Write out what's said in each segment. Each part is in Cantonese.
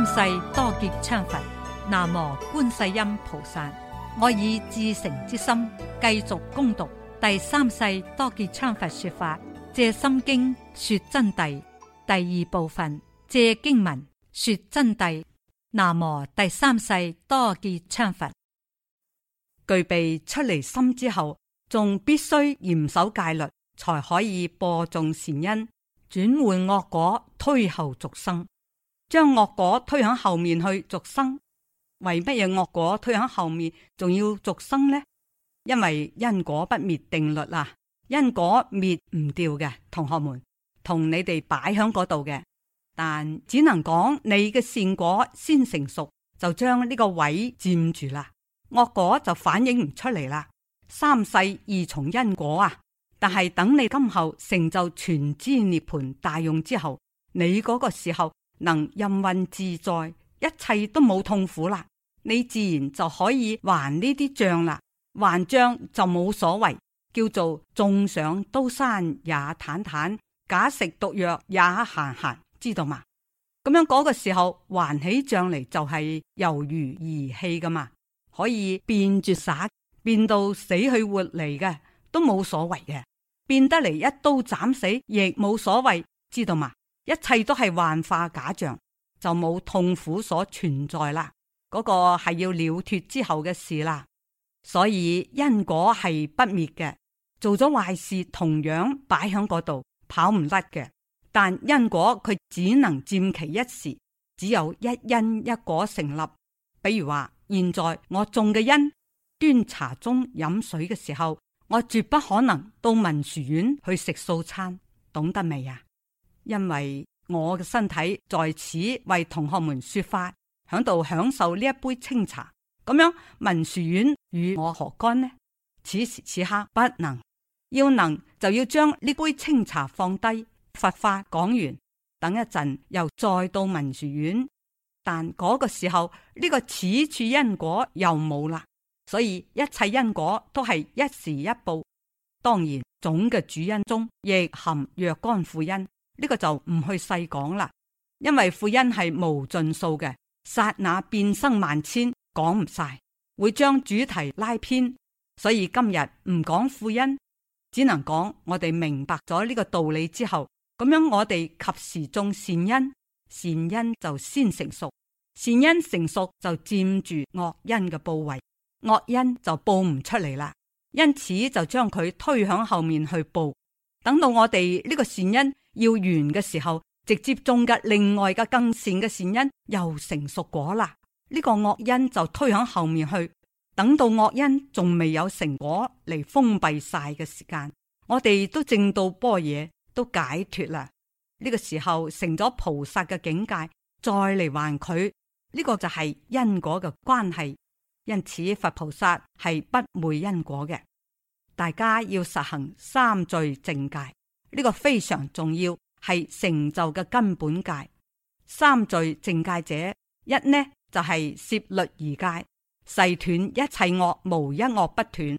三世多杰羌佛，南無觀世音菩薩。我以至誠之心，繼續攻讀第三世多杰羌佛說法《藉心經》，說真諦第二部分《藉經文》，說真諦。南無第三世多杰羌佛。具備出離心之後，仲必須嚴守戒律，才可以播種善因，轉換惡果，推後續生。將惡果推向後面去續生，為乜嘢惡果推向後面仲要續生呢？因為因果不滅定律啊，因果滅唔掉嘅，同學們同你哋擺喺嗰度嘅，但只能講你嘅善果先成熟，就將呢個位佔住啦，惡果就反映唔出嚟啦。三世二重因果啊，但係等你今後成就全知涅盤大用之後，你嗰個時候。能任運自在，一切都冇痛苦啦，你自然就可以還呢啲賬啦。還賬就冇所謂，叫做種上刀山也坦坦，假食毒藥也閒閒，知道嗎？咁樣嗰個時候還起賬嚟就係猶如兒戲㗎嘛，可以變住耍，變到死去活嚟嘅都冇所謂嘅，變得嚟一刀斬死亦冇所謂，知道嗎？一切都係幻化假象，就冇痛苦所存在啦。嗰、那個係要了脫之後嘅事啦。所以因果係不滅嘅，做咗壞事同樣擺喺嗰度跑唔甩嘅。但因果佢只能佔其一時，只有一因一果成立。比如話，現在我種嘅因，端茶中飲水嘅時候，我絕不可能到文殊院去食素餐，懂得未啊？因為我嘅身體在此為同學們說法，響度享受呢一杯清茶，咁樣，文殊院與我何干呢？此時此刻不能，要能就要將呢杯清茶放低。佛法講完，等一陣又再到文殊院，但嗰個時候呢個此處因果又冇啦，所以一切因果都係一時一報。當然總嘅主因中亦含若干副因。呢個就唔去細講啦，因為副因係無盡數嘅，剎那變生萬千，講唔晒，會將主題拉偏，所以今日唔講副因，只能講我哋明白咗呢個道理之後，咁樣我哋及時種善因，善因就先成熟，善因成熟就佔住惡因嘅部位，惡因就報唔出嚟啦，因此就將佢推向後面去報，等到我哋呢個善因。要完嘅時候，直接種嘅另外嘅更善嘅善因又成熟果啦。呢、這個惡因就推響後面去，等到惡因仲未有成果嚟封閉晒嘅時間，我哋都正到般若都解脫啦。呢、這個時候成咗菩薩嘅境界，再嚟還佢呢、這個就係因果嘅關係。因此佛菩薩係不昧因果嘅，大家要實行三聚淨戒。呢個非常重要，係成就嘅根本戒。三聚淨戒者，一呢就係、是、攝律儀戒，誓斷一切惡，無一惡不斷。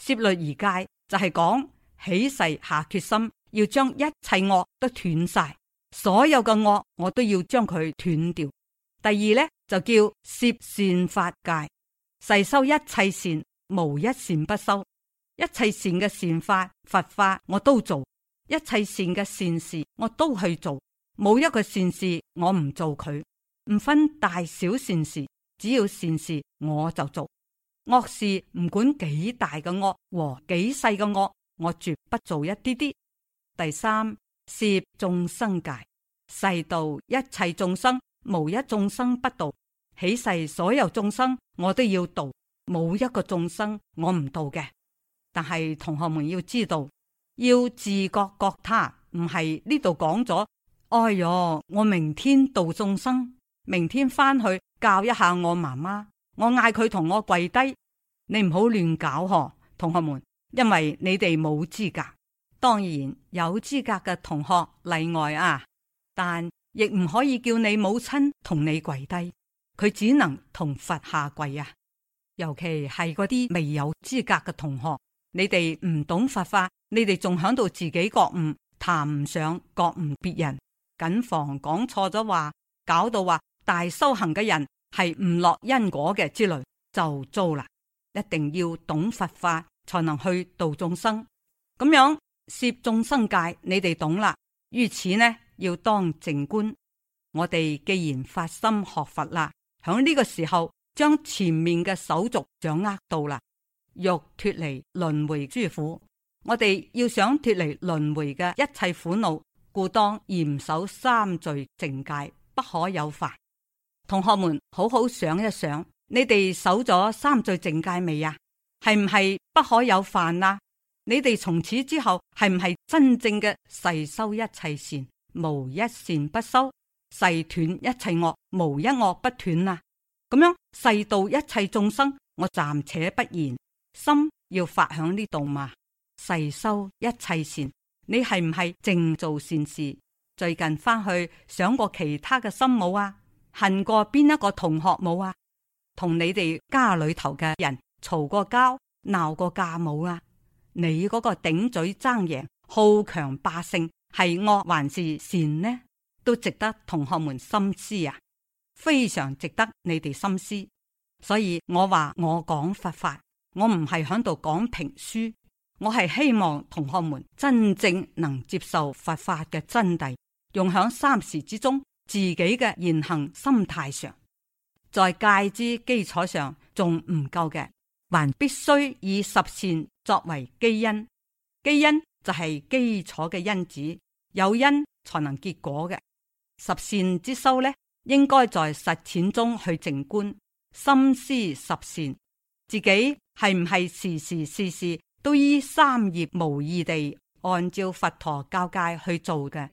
攝律儀戒就係、是、講起誓下決心，要將一切惡都斷晒，所有嘅惡我都要將佢斷掉。第二呢就叫攝善法戒，誓修一切善，無一善不修，一切善嘅善法、佛法我都做。一切善嘅善事，我都去做，冇一個善事我唔做佢，唔分大小善事，只要善事我就做。惡事唔管幾大嘅惡和幾細嘅惡，我絕不做一啲啲。第三，攝眾生戒，誓度一切眾生，無一眾生不度，起誓所有眾生，我都要度，冇一個眾生我唔度嘅。但係同學們要知道。要自覺覺他，唔係呢度講咗。哎喲，我明天度眾生，明天翻去教一下我媽媽，我嗌佢同我跪低，你唔好亂搞嗬，同學們，因為你哋冇資格，當然有資格嘅同學例外啊，但亦唔可以叫你母親同你跪低，佢只能同佛下跪啊，尤其係嗰啲未有資格嘅同學。你哋唔懂佛法，你哋仲響度自己覺悟，談唔上覺悟別人。謹防講錯咗話，搞到話大修行嘅人係唔落因果嘅之類，就糟啦。一定要懂佛法，才能去度眾生。咁樣攝眾生界，你哋懂啦。於此呢，要當靜觀。我哋既然發心學佛啦，響呢個時候將前面嘅手續掌握到啦。欲脫離輪回之苦，我哋要想脫離輪回嘅一切苦惱，故當嚴守三罪淨戒，不可有犯。同學們，好好想一想，你哋守咗三罪淨戒未啊？係唔係不可有犯啊？你哋從此之後係唔係真正嘅誓修一切善，無一善不修；誓斷一切惡，無一惡不斷啊？咁樣誓度一切眾生，我暫且不言。心要發響呢度嘛，誓修一切善。你係唔係淨做善事？最近翻去想過其他嘅心冇啊？恨過邊一個同學冇啊？同你哋家裏頭嘅人嘈過交、鬧過架冇啊？你嗰個頂嘴爭贏、好強霸性，係惡還是善呢？都值得同學們深思啊！非常值得你哋深思。所以我話我講佛法。我唔係喺度講評書，我係希望同學們真正能接受佛法嘅真諦，用響三時之中自己嘅言行心態上，在戒之基礎上仲唔夠嘅，還必須以十善作為基因，基因就係基礎嘅因子，有因才能結果嘅。十善之修呢，應該在實踐中去靜觀、心思十善，自己。係唔係時時事事都依三業無二地按照佛陀教誡去做嘅？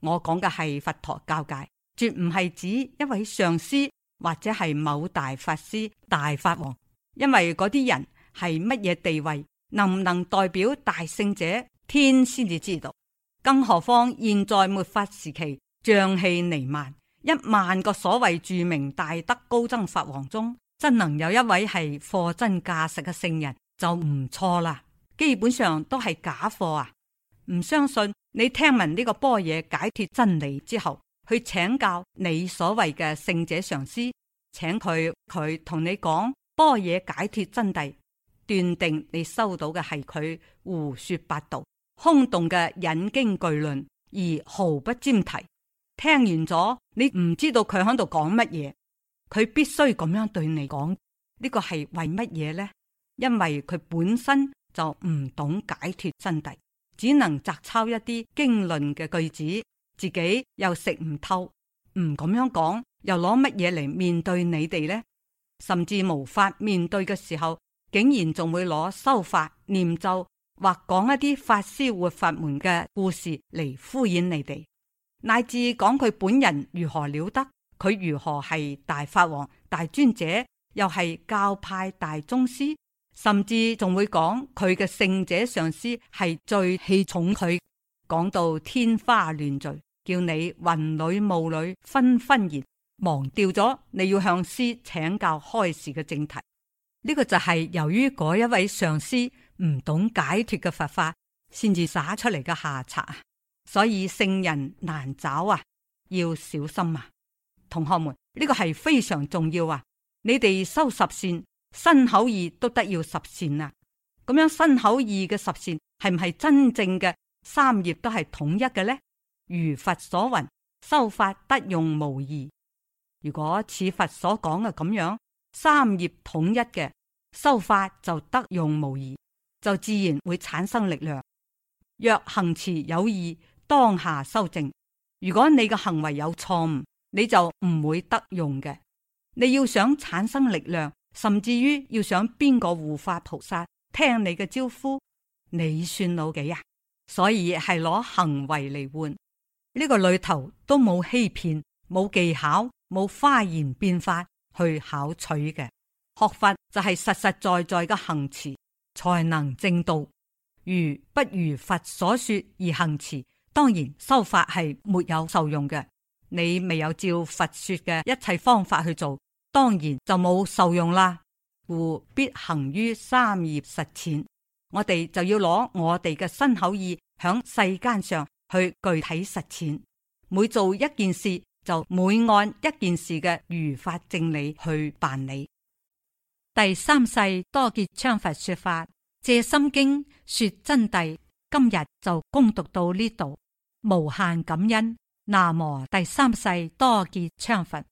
我講嘅係佛陀教誡，絕唔係指一位上師，或者係某大法師、大法王，因為嗰啲人係乜嘢地位，能唔能代表大聖者，天先至知道。更何況現在末法時期，瘴氣彌漫，一萬個所謂著名大德高僧法王中。真能有一位係貨真價實嘅聖人就唔錯啦，基本上都係假貨啊！唔相信你聽聞呢個般若解脫真理之後，去請教你所謂嘅聖者上師，請佢佢同你講般若解脫真諦，斷定你收到嘅係佢胡說八道、空洞嘅引經據論而毫不沾題。聽完咗，你唔知道佢喺度講乜嘢。佢必須咁樣對你講，呢個係為乜嘢呢？因為佢本身就唔懂解脱真諦，只能摘抄一啲經論嘅句子，自己又食唔透，唔咁樣講，又攞乜嘢嚟面對你哋呢？甚至無法面對嘅時候，竟然仲會攞修法念咒或講一啲法師活佛們嘅故事嚟敷衍你哋，乃至講佢本人如何了得。佢如何係大法王、大尊者，又係教派大宗師，甚至仲會講佢嘅聖者上師係最器重佢，講到天花亂墜，叫你雲裏霧裏紛紛然，忘掉咗你要向師請教開示嘅正題。呢、這個就係由於嗰一位上師唔懂解脫嘅佛法，先至耍出嚟嘅下策啊！所以聖人難找啊，要小心啊！同學們，呢個係非常重要啊！你哋修十善、身口意都得要十善啊！咁樣身口意嘅十善係唔係真正嘅三業都係統一嘅呢？如佛所云，修法得用無疑。如果似佛所講嘅咁樣，三業統一嘅修法就得用無疑，就自然會產生力量。若行持有意，當下修正。如果你嘅行為有錯誤，你就唔會得用嘅。你要想產生力量，甚至於要想邊個護法菩薩聽你嘅招呼，你算老幾呀、啊？所以係攞行為嚟換呢、這個裏頭都冇欺騙、冇技巧、冇花言變化去考取嘅。學法就係實實在在嘅行持，才能正道。如不如佛所說而行持，當然修法係沒有受用嘅。你未有照佛說嘅一切方法去做，當然就冇受用啦。故必行於三業實踐，我哋就要攞我哋嘅身口意響世間上去具體實踐，每做一件事就每按一件事嘅如法正理去辦理。第三世多杰羌佛說法《借心經》說真諦，今日就攻讀到呢度，無限感恩。南無第三世多杰羌佛。